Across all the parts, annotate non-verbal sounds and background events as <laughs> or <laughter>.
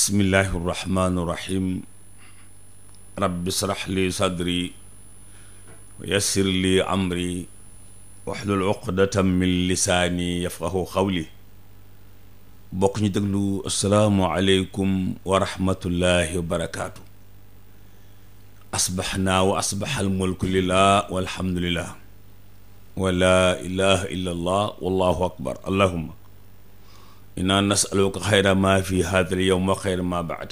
bismillahi irrahmani irrahim rabbi srah li sadri wa yassir li amri waxlul uqdatan min lisaani yafqahu xawli bokk ñu déglu asalaamu aleykum wa rahmatullahi wa barakaatu asbaxnaa wa asbaxal mulku lillah walhamdulillah wa laa ilaha illa allah wallahu akbar allahumma inna nasaluka xayra ma fi hada al wa xayra ma baad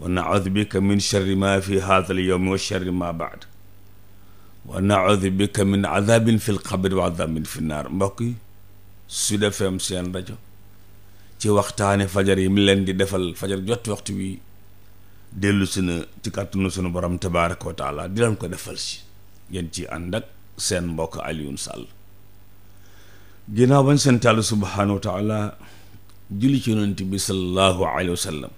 wa naudu bika min sharri ma fi hada al wa sharri ma baad wa naudu bika min adabin fi lqabri wa adabin fi naar mbokk yi Sud FM seen rajo ci waxtaane fajar yi mi leen di defal fajar jot waxtu wi dellu si na ci kàttanu sunu borom tabaaraka wa taala di leen ko defal si ngeen ci ànd seen mbokk Alioune Sall ginnaaw bañ seen tàll subhaanahu wa taala julli ci yonent bi sallallahu alayhi wa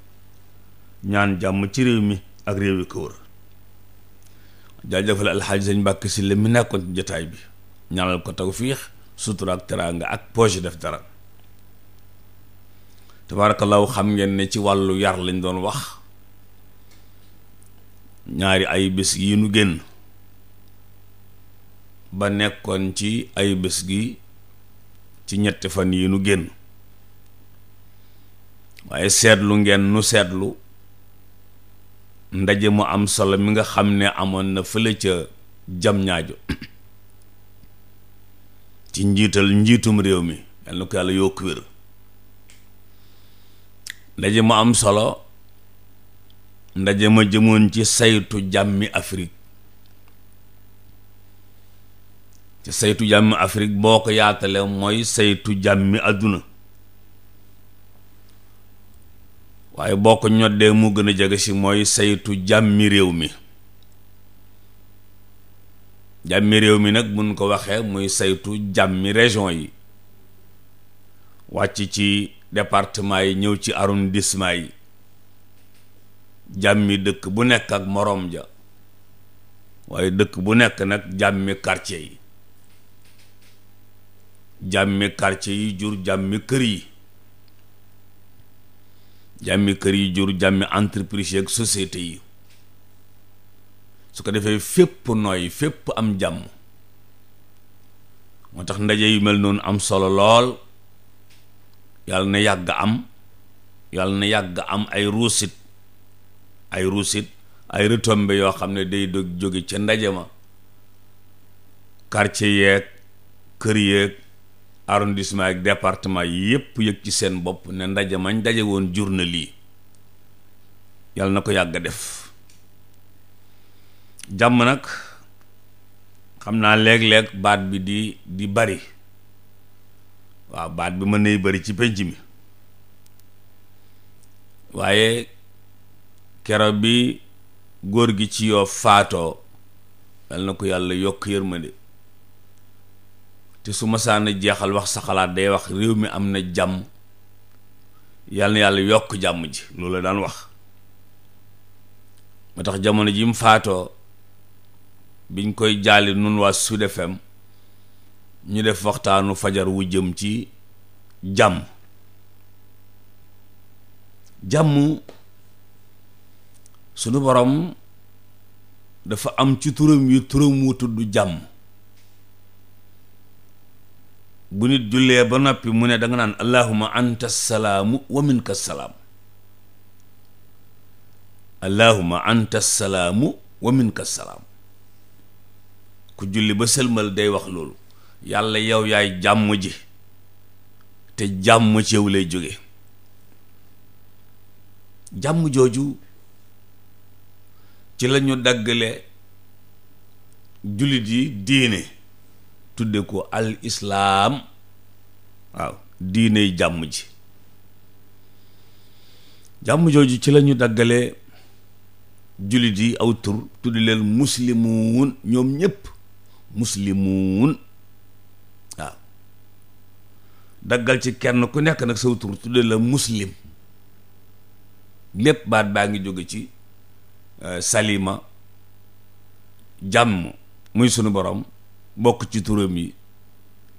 ñaan jàmm ci réew mi ak réew yi ko wër alxaaji sañ mbàkk si la mi nekkoon ci jotaay bi ñaanal ko tawfiix sutura ak teraanga ak poche def dara tabaarakallaahu xam ngeen ne ci wàllu yar lañu doon wax ñaari ay bés yi nu génn ba nekkoon ci ay bés gi ci ñetti fan yi nu génn waaye seetlu ngeen nu seetlu ndaje mu am solo mi nga xam ne amoon na fële ca jam ñaajo ci njiital njiitum réew mi yal na ko yàlla yokk wér ndaje mu am solo ndaje ma jëmoon ci saytu jàmmi Afrique te saytu jàmmi Afrique boo ko yaatale mooy saytu jàmmi àdduna waaye boo ko ñoddee mu gën a jege si mooy saytu jàmmi réew mi jàmmi réew mi nag mun ko waxee muy saytu jàmmi région yi wàcc ci departement yi ñëw ci arrondissement yi jàmmi dëkk bu nekk ak moroom ja waaye dëkk bu nekk nag jàmmi quartier yi jàmmi quartier yi jur jàmmi kër yi jàmmi kër yi jur jàmmi entreprise yeeg société yi su ko defee fépp noy fépp am jàmm moo tax ndaje yi mel noonu am solo lool yàlla na yàgg am yàlla na yàgg am ay ruusit ay ruusit ay retombées yoo xam ne day dog jóge ca ndaje ma quartier yeeg kër yeeg arrondissement ak département yi yépp yëg ci seen bopp ne ndaje mañ daje woon jur na lii yàlla na ko yàgg def jàmm nag xam naa léeg-léeg baat bi di di bari waaw baat bi mën nay bari ci penc mi waaye keroog bi góor gi ci yoo faatoo yàlla na ko yàlla yokk yërmande te su masaana jeexal wax sa xalaat day wax réew mi am na jàmm yàlla yàlla yokk jàmm ji loolu la daan wax moo tax jamono ji mu faatoo biñ koy jaali nun waa Sud FM ñu def waxtaanu fajar wu jëm ci jàmm jàmm sunu boroom dafa am ci turam yu turam wu tudd jàmm bu nit jullee ba noppi mu ne da naan allahuma anta salaamu wa minka salaam allahuma anta salaamu wa minka salaam ku julli ba sëlmal day wax loolu yàlla yow yaay jàmm ji te jàmm ci lay jóge jàmm jooju ci lañu daggale jullit yi diine tudde ko al islaam waaw diiney jàmm ji jàmm jooju ci lañu daggale jullit yi aw tur tuddi leen muslimuun ñoom ñépp muslimuun waaw daggal ci kenn ku nekk nag saw tur tudde la muslim lépp baat baa ngi jóge ci euh, salima jàmm muy sunu boroom bokk ci turam yi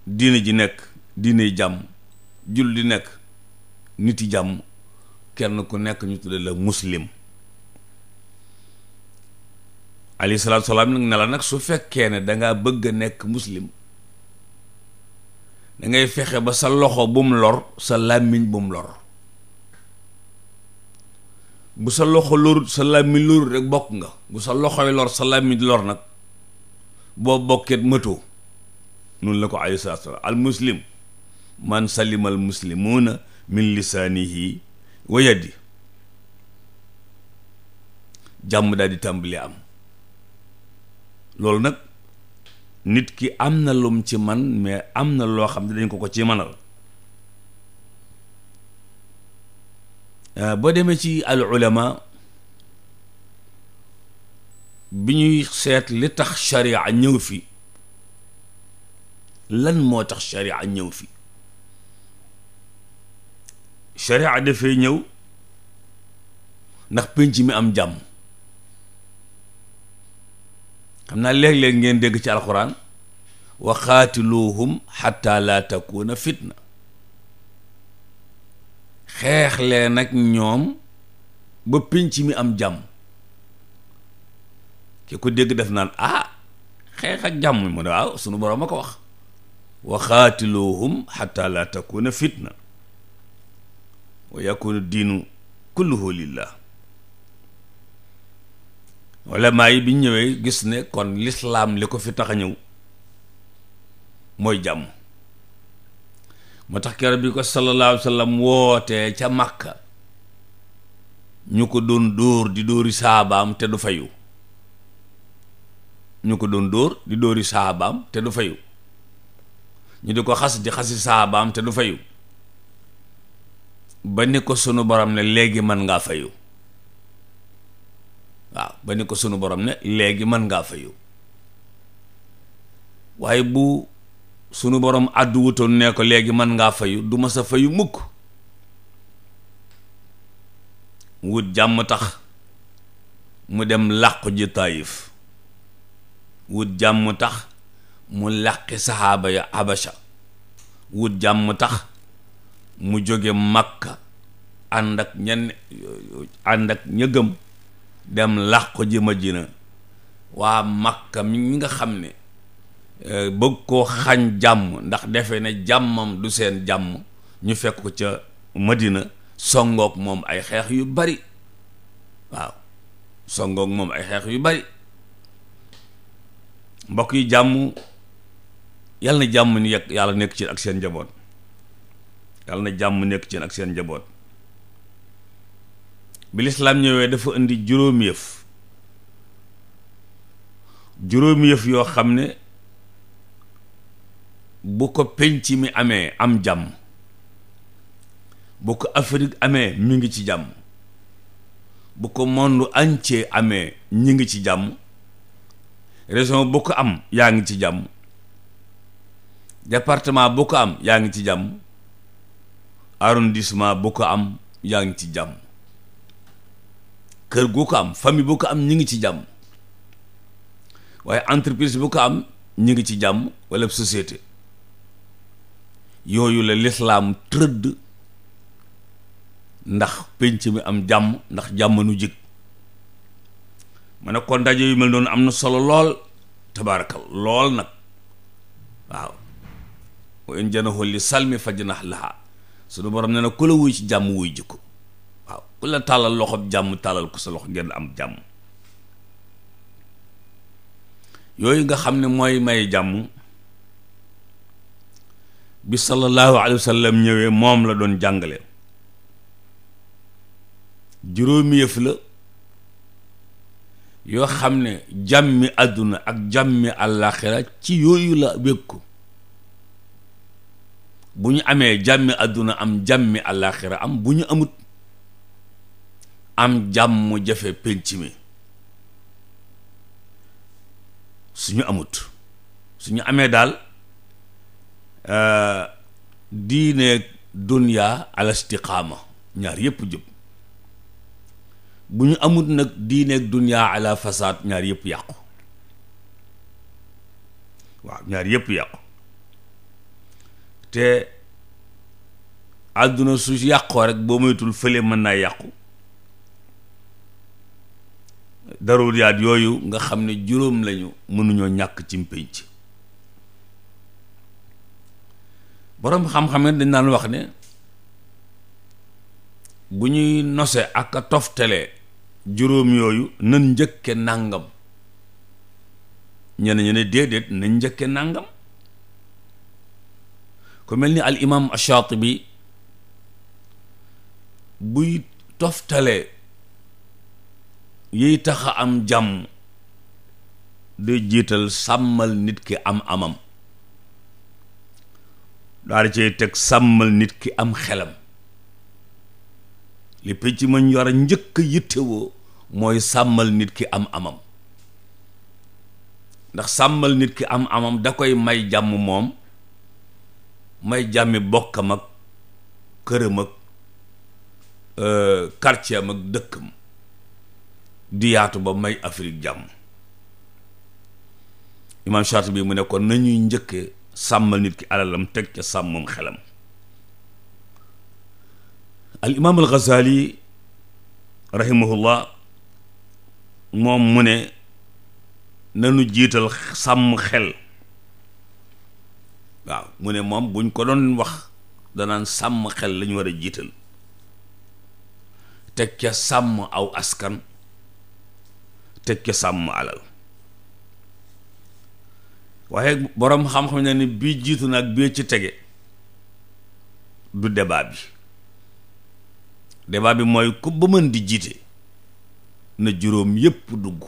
diine ji nekk diine jàmm jul di nekk nit yi jàmm kenn ku nekk ñu tudde la muslim alayhi salaam nag ne la nag su fekkee ne danga bëgg a nekk muslim dangay fexe ba sa loxo bu mu lor sa làmmiñ bu mu lor bu sa loxo lorut sa làmmiñ lorut rek bokk nga bu sa loxoy lor sa làmmiñ lor nag boo bokket mëtoo noonu la ko aleyhi salaatu salaam al muslim man salima al muslimuuna min lisaanihi wa yadi jàmm daal di tàmbali am loolu nag nit ki am na lum ci man mais am na loo xam ne dañ ko ko ci manal ah, boo demee ci al ulama bi ñuy seet li tax sharia ñëw fi lan moo tax sharia ñëw fi sharia dafay ñëw ndax pinc mi am jàmm xam naa léeg-léeg ngeen dégg ci alxuraan wa xaatiluuhum laa takuuna fitna xeex leen ak ñoom ba pénc mi am jàmm ko dégg def naan ah xeex ak jàmm mu ne waaw sunu boroom a ko wax waxaatiloo xaatiluhum xatta laa takuna fitna wa yakunu bi ñëwee gis ne kon lislaam li ko fi tax a ñëw mooy jàmm moo tax keroog bi ko sallallahu alayhi wootee ca Makka ñu ko doon dóor di dóori saabaam te du fayu ñu ko doon dóor di dóori saabaam te du fayu ñu di ko xas di xasi saabaam te du fayu ba ni ko sunu borom ne léegi mën ngaa fayu waaw ba ni ko sunu borom ne léegi mën ngaa fayu waaye bu sunu borom àddu wutoon ne ko léegi mën ngaa fayu duma sa fayu mukk wut jàmm tax mu dem làqu ji taayif wut jàmm tax mu làqi saxaaba ya abasha wut jàmm tax mu jóge makka ànd ak ñenn ànd ak ñëgëm dem làqu ji madina waa makka mi nga xam ne euh, bëgg koo xañ jàmm ndax defe ne jàmmam du seen jàmm ñu fekk ko ca madina songook moom ay xeex yu bari waaw songook moom ay xeex yu bari mbokk yi jàmm yàlla na jàmm ni yàlla nekk ci ak seen njaboot yàlla na jàmm nekk ci ak seen njaboot bi lislaam ñëwee dafa indi juróom yëf juróomi yëf yoo xam ne bu ko penc mi amee am jàmm bu ko Afrique amee mu ngi ci jàmm bu ko monde ci amee ñu ngi ci jàmm région bu ko am yaa ngi ci jàmm département bu ko am yaa ngi ci jàmm arrondissement bu ko am yaa ngi ci jàmm kër goo ko am famille bu ko am ñu ngi ci jàmm waaye entreprise bu ko am ñu ngi ci jàmm walla société yooyu la lislaam tëdd ndax pénc mi am jàmm ndax jàmm nu ma ne kon daje yu mel doon am na solo lool tabaarakal lool nag waaw wa in janahu li salmi fajnah laha suñu borom ne na ku la wuy ci jàmm wuy jikko waaw ku la tàllal loxob jàmm tàllal ko sa loxo ngeen am jàmm yooyu nga xam ne mooy may jàmm bi sallallahu alayhi wa ñëwee moom la doon jàngale juróomi yëf la yoo xam ne jàmmi àdduna ak jàmmi àllaaxira ci yooyu la wékku bu ñu amee jàmmi àdduna am jàmmi àllaaxira am bu ñu amut am jàmm jafe pénc mi suñu amut suñu amee daal euh, diine dunya al ñaar yépp jub bu ñu amut nag diineeg dunya ala fasaad ñaar yëpp yàqu waaw ñaar yëpp yàqu te àdduna su yàqoo rek boo moytul fële mën naa yàqu daruriyaat yooyu nga xam ne juróom lañu mënuñoo ñàkk ci mpénc boroom xam-xam dañ naan wax ne bu ñuy nose ak a toftale juróom yooyu nan njëkke nàngam ñenn ñu ne déedéet nañ njëkke nàngam ku mel ni al imam ash-Shatibi buy toftale yiy taxa am jàmm du jiital sàmmal nit ki am amam daal di cay teg sàmmal nit ki am xelam li pénc mañ war a njëkk a mooy sàmmal nit ki am amam ndax sàmmal nit ki am amam da koy may jàmm moom may jàmmi bokkam ak këram ak euh, quartier am ak dëkkam di ba may Afrique jàmm imaam Shaatibi mu ne kon nañuy njëkke sàmmal nit ki alalam teg ca sàmmam xelam al imaam al Ghazali rahimahullah moom mu ne nanu jiital sàmm xel waaw mu ne moom buñ ko doon wax danaan sàmm xel lañu war a jiital teg ca sàmm aw askan teg ca sàmm alal waaye boroom xam-xam ne ni bii jiitu nag bii ci tege du débat bi débat bi mooy ku ba mën di jiite na juróom yépp dugg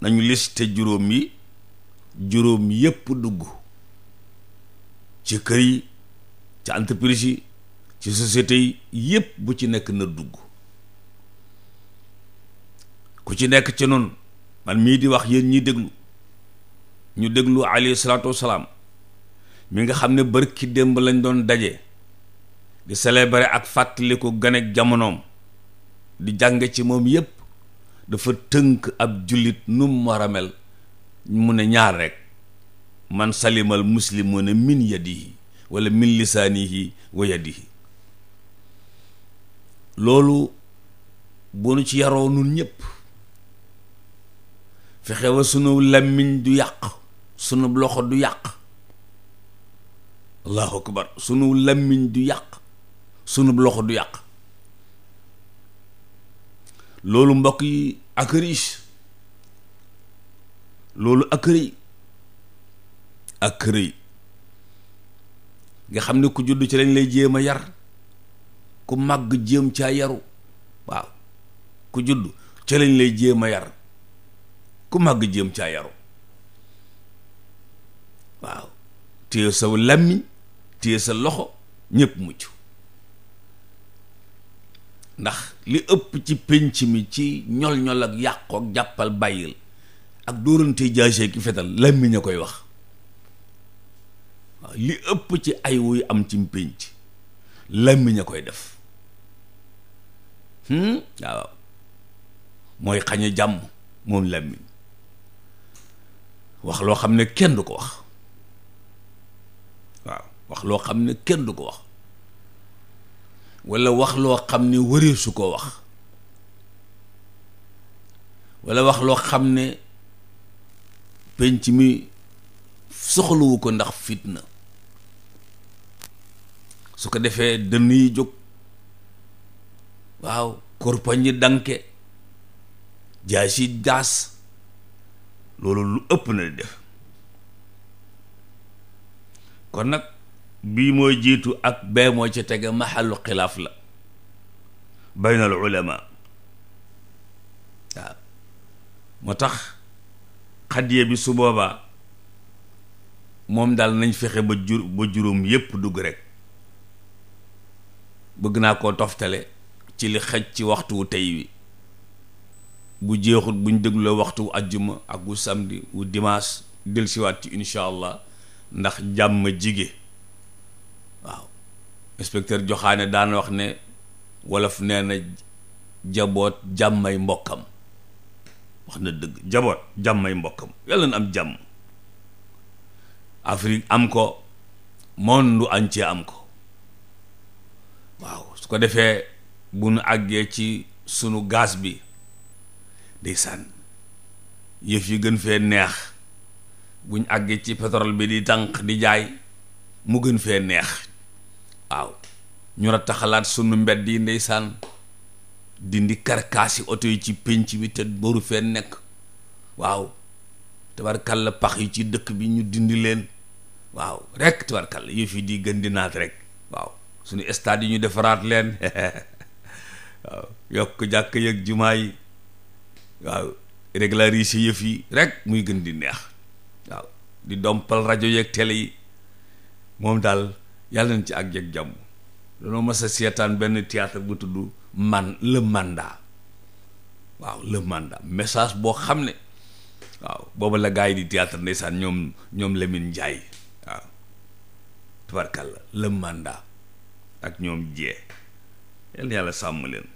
nañu liste juróom yi juróom yépp dugg ci kër yi ci entreprise yi ci société yi yépp bu ci nekk na dugg ku ci nekk ci noonu man mii di wax yéen ñi déglu ñu déglu alayhi salaatu wasalaam mi nga xam ne barki démb lañ doon daje di célébrer ak fàttaliku ganek jamonoom di jàng ci moom yépp dafa tënk ab jullit nu mu war mu ne ñaar rek man salimal muslimuna min yadihi wala min lisaanihi wa yadihi loolu bu nu ci yaroo nun ñépp fexe wa sunu làmmiñ du yàq sunu loxo du yàq allahu akbar sunu làmmiñ du yàq sunub loxo du yàq loolu mbokk yi ak riche loolu ak rëy ak rëy nga xam ne ku judd ci lañ lay jéem a yar ku màgg jéem ca yaru waaw ku judd ci lañ lay jéem a yar ku màgg jéem caa yaru waaw téye sa làmmiñ téye sa loxo ñépp mucc ndax li ëpp ci penc mi ci ñol-ñol ak yàqook jàppal bàyyil ak dóorante jaasee ki fetal làmmiñ a koy wax waaw li ëpp ci ay wuy am ci penc làmmiñ a koy def hmm? waaw mooy xañe jàmm moom làmmiñ wax loo xam ne kenn du ko wax waaw wax loo xam ne kenn du ko wax wala wax loo xam ne wëri su ko wax wala wax loo xam ne penc mi soxlawu ko ndax fitna su ko defee dënn yi jóg waaw korpañ danke jaas yi jaas loolu lu ëpp na di def kon nag bii mooy jiitu ak bee moo ci tege maxallu xilaaf la bayna al ulama waaw moo tax xadiya bi su boobaa moom daal nañ fexe ba jur ba juróom yépp dugg rekk bëgg naa ko toftale ci li xëj ci waxtu wu tey wi bu jeexut buñ dégloo waxtu wu ajjuma ak wu samedi wu dimanche dellusiwaat ci incha allah ndax jàmm jige inspecteur joxaane daan wax ne wolof nee na jaboot jàmmay mbokkam wax na dëgg jaboot jàmmay mbokkam yàlla na am jàmm Afrique am ko monde entier am ko waaw su ko defee bu nu àggee ci sunu gaas bi ndeysaan yëf yi gën fee neex buñ àggee ci pétrole bi di tànq di jaay mu gën fee neex waaw ñu rattaxalaat sunu mbedd yi ndeysaan dindi karkaasi oto yi ci pénc bi te boru fee nekk waaw tabarkalla pax yi ci dëkk bi ñu dindi leen waaw rek tabarkalla yëf yi di gën di naat rek waaw suñu stade yi ñu defaraat leen <laughs> waaw yokk jàkk yëg jumaa yi waaw régulariser yëf yi rek muy gën di neex waaw di dompal rajo yeeg télé yi moom daal yàlla nañ ci ak jeg jàmm danoo mas a seetaan benn théâtre bu tudd man le mandat waaw le mandat message boo xam ne waaw booba la gars yi di théâtre ndeysaan ñoom ñoom Lamine Ndiaye waaw tubarkalla le mandat ak ñoom jee yal yàlla sàmm leen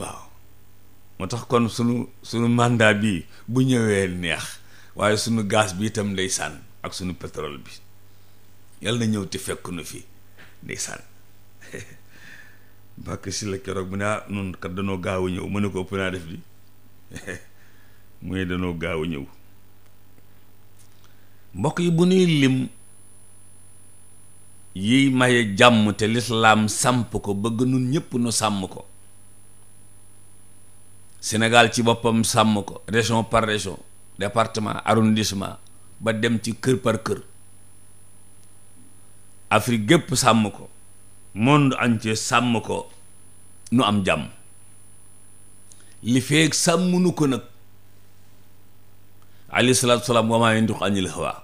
waaw moo tax kon sunu sunu mandat bi bu ñëwee neex waaye sunu gaz bi itam ndeysaan ak sunu pétrole bi yàlla na ñëw te fekk nu fi ndeysaan Mbàkke si la keroog mu ne ah kat danoo gaaw a ñëw mu ne ko ëpp naa def di <laughs> mu ne danoo gaaw a ñëw mbokk yi bu nuy lim yiy maye jàmm te lislaam samp ko bëgg nun ñëpp nu sàmm ko Sénégal ci boppam sàmm ko région par région département arrondissement ba dem ci kër par kër Afrique gépp sàmm ko monde entier sàmm ko nu am jàmm li feeg sàmm nu ko nag alayhi salaatu salaam wa maa yantiqu anil hawaa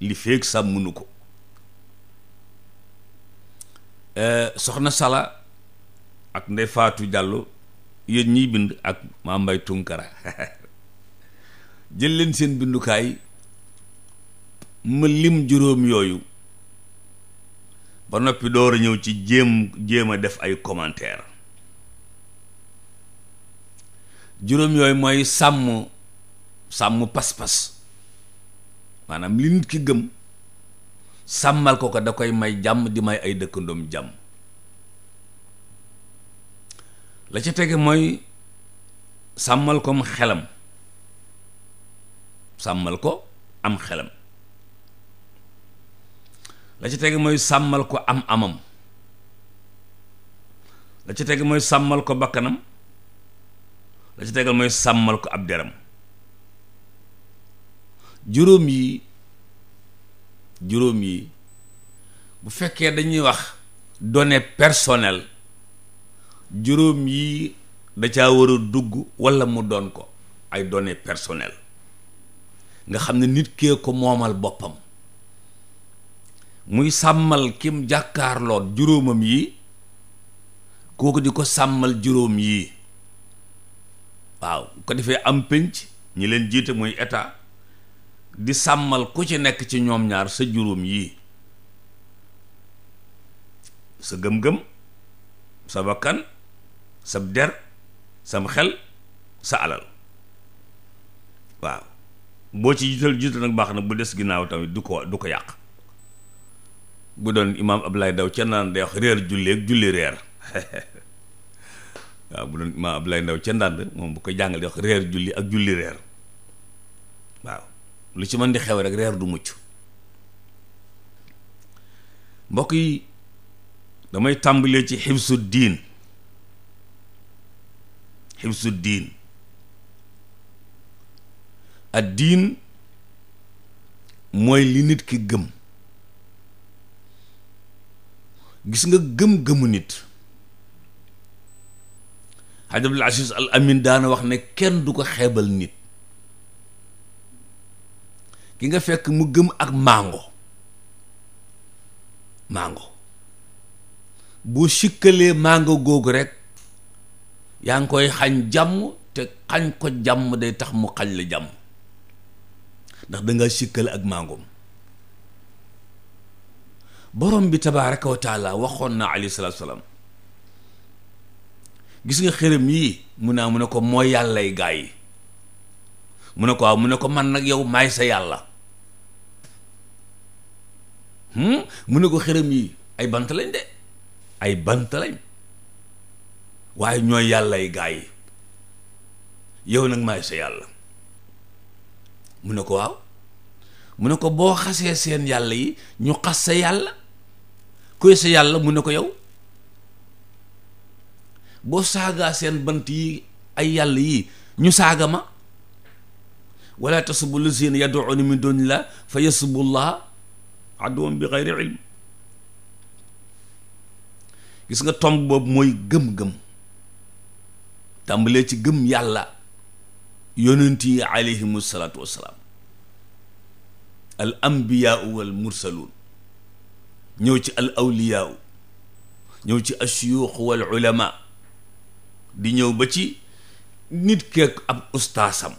li feeg sàmm nu ko eh, soxna Sala ak Ndey Faatu Jàllo yéen ñiy bind ak maa mbay tunkara <laughs> jël leen seen bindukaay ma lim juróom yooyu ba noppi door ñëw ci jéem jéem a def ay commentaire juróom yooyu mooy sàmm sàmm pas-pas maanaam li nit ki gëm sàmmal ko ko da koy may jàmm di may ay dëkkandoom jàmm la ca tege mooy sàmmal ko am xelam sàmmal ko am xelam la ca teg mooy sàmmal ko am amam la ci teg mooy sàmmal ko bakkanam la ci tegal mooy sàmmal ko ab deram juróom yi juróom yi bu fekkee dañuy wax données personnelles juróom yi da caa war a dugg walla mu doon ko ay données personnelles nga xam ne nit kee ko moomal boppam muy sàmmal kim jàkkaarloon juróomam yi kooku di ko sàmmal juróom yii waaw ko defee am pénc ñi leen jiite muy état di sàmmal ku ci nekk ci ñoom ñaar sa juróom yii sa gëm-gëm sa bakkan sa der sam xel sa alal waaw boo ci jiital jiital nag baax na bu des ginnaaw tamit du ko du ko yàq bu doon imaam Ablaye Ndaw ca naan day wax reer julli ak julli reer <laughs> waaw bu doon imaam Ablaye Ndaw ca ndànd moom bu ko jàngal day wax reer julli ak julli reer waaw lu ci mën di xew rek reer du mucc mbokk yi damay tàmbalee ci xibsu diin xibsu diin ad mooy li nit ki gëm gis nga gëm-gëmu nit xaj Abdul Al Amin daana wax ne kenn du ko xeebal nit ki nga fekk mu gëm ak mango màngo bu sikkalee mango googu rek yaa ngi koy xañ jàmm te xañ ko jàmm day tax mu xañ la jàmm ndax danga sikkal ak màngoom borom bi tabaaraka wa waxoon na alayhi salaatu salaam gis nga xërëm yii mu ne mu ne ko mooy yàllay gaa yi mu ne ko mu ne ko man nag yow maay sa yàlla hmm? ne ko xërëm yii ay bant lañ de ay bant lañ gaa yi yow nag maay sa yàlla mu ne ko waaw mu ne ko boo xasee seen yàlla yi ñu xas sa yàlla kuy sa yàlla mu ne ko yow boo saagaa seen bant yi ay yàlla yii ñu saaga ma wala tasubu lazina yad'una min dunillah fa yasubu llaha aduwan bi xayri ilm gis nga tomb boobu mooy gëm-gëm tàmbalee ci gëm yàlla yonent yi alayhimu salaatu wassalaam al anbiyaa wal mursaluun ñëw ci al awliyaa ñëw ci ashuyuux wal ulama di ñëw ba ci nit keek ab ustaasam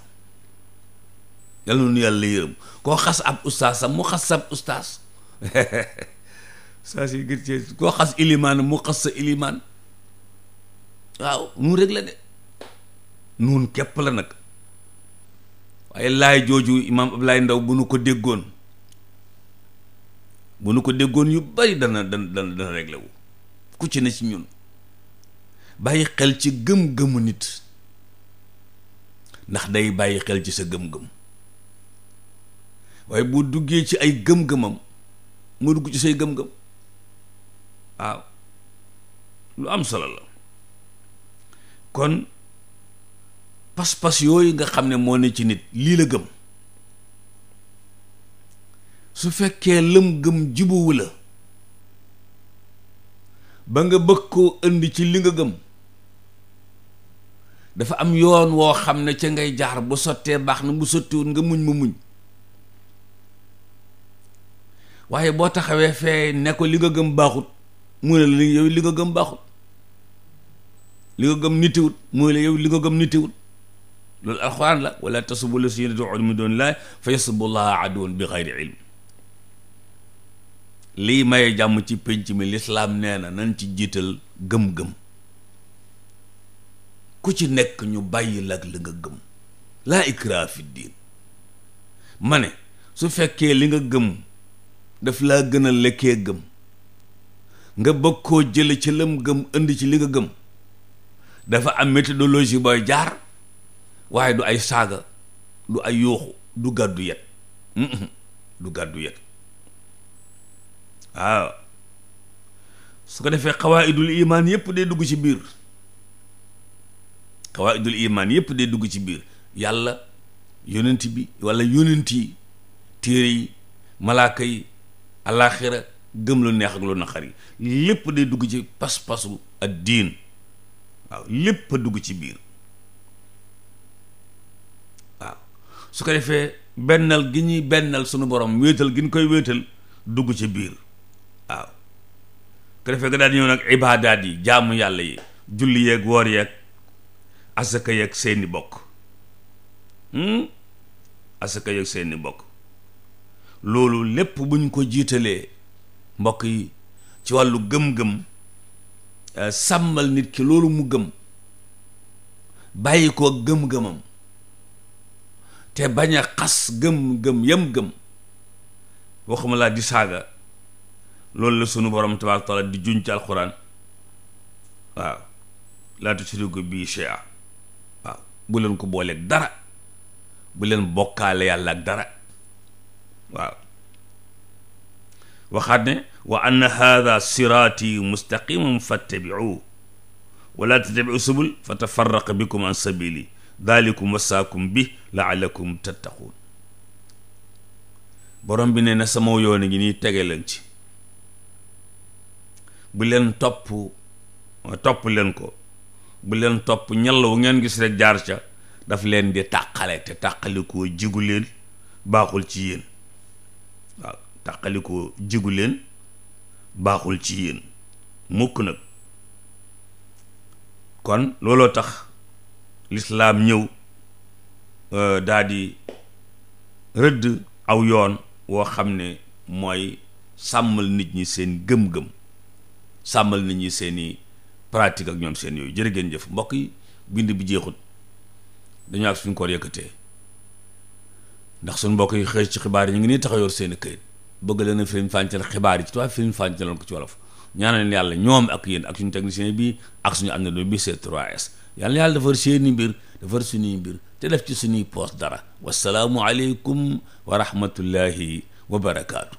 yal na nu yàlla yërëm koo xas ab ustaasam mu xas ab ustaas <laughs> saa si gir ci koo xas ilimaan mu xas sa ilimaan waaw nun rek la de nun képp la nag waaye laay jooju imaam Ablaay Ndaw bu nu ko déggoon bu nu ko déggoon yu bari dana dana dana dana réglé wu ku ci ne ci ñun bàyyi xel ci gëm-gëmu nit ndax day bàyyi xel ci sa gëm-gëm waaye bu duggee ci ay gëm-gëmam mu dugg ci say gëm-gëm waaw lu am solo la kon pas-pas yooyu nga xam ne moo ne ci nit lii la gëm su fekkee lëm gëm jibuwu la ba nga bëgg koo indi ci li nga gëm dafa am yoon woo xam ne ci ngay jaar bu sottee baax na bu sottiwut nga muñ mu muñ waaye boo taxawee fee ne ko li nga gëm baaxut mu ne la yow li nga gëm baaxut li nga gëm nitiwut mu la yow li nga gëm nitiwut loolu alxuraan la wala tasubu la si yéen a doon min doon laay fa yasubu llaha aduwan bi xayri ilm lii maye jàmm ci pénc mi lislaam nee na nañ ci jiital gëm-gëm ku ci nekk ñu bàyyi lak li nga gëm laa ikraa fi diin ma ne su fekkee li nga gëm daf laa gën a gëm nga bëgg koo jële ci lam gëm indi ci li nga gëm dafa am méthodologie booy jaar waaye du ay saaga du ay yooxu du gàddu yet du gàddu yet waaw su ko defee xawaaidul yëpp day dugg ci biir xawaaidul imaan yëpp day dugg ci biir yàlla yonent bi wala yonent yi téere yi malaaka lu neex ak lu day dugg ci pas ak diin waaw a dugg ci biir waaw su ko defee bennal gi ñuy bennal sunu borom wéetal gi ñu koy wéetal dugg ci biir waaw ko defee nga daal di ñëw nag ibaadaat yi jaamu yàlla yi julli yeeg woor yeeg asaka yeeg seeni bokk hmm? asaka yeeg seeni bokk loolu lépp buñ ko jiitalee mbokk yi ci wàllu gëm-gëm eh, sàmmal nit ki loolu mu gëm bàyyi ko gëm-gëmam te bañ a xas gëm-gëm yam gëm waxuma laa di saaga loolu la sunu borom tabaaraka taala di juñ ci alxuraan waaw laa tushriku bihi shay'an waaw bu ko booleeg dara bu leen bokkaale yàlla ak dara waaw waxaat ne wa anna haada siraati mustaqiman fattabi'uuhu wa laa tattabi'u subul fa tafarraqa bikum an sabiili daalikum wasaakum bi la'allakum tattaquun na sama yoon a ngi nii tege leen ci bu leen topp topp leen ko bu leen topp ñalla wu ngeen gis rek jaar ca daf leen di tàqale te tàqalikoo jigu baaxul ci yéen waaw tàqalikoo jigu leen baaxul ci yéen mukk nag kon looloo tax lislaam ñëw euh, daa di rëdd aw yoon woo xam ne mooy sàmmal nit ñi seen gëm-gëm sàmmal nit ñi seen pratique ak ñoom seen yooyu jërë ngeen jëf mbokk yi bind bi jeexut dañu ak suñ koor yëkkatee ndax suñ mbokk yi xëy ci xibaar yi ñu ngi nii tax a yor seen i këyit bëgg leen a firim fàncal xibaar yi ci tubaab firim fàncaloon ko ci wolof ñaana leen yàlla ñoom ak yéen ak suñu technicien bii ak suñu àndandoo bi C3S yàlla yàlla defar seeni mbir defar suñuy mbir te def ci suñuy poos dara wasalaamu aleykum wa rahmatullahi wa barakaatu.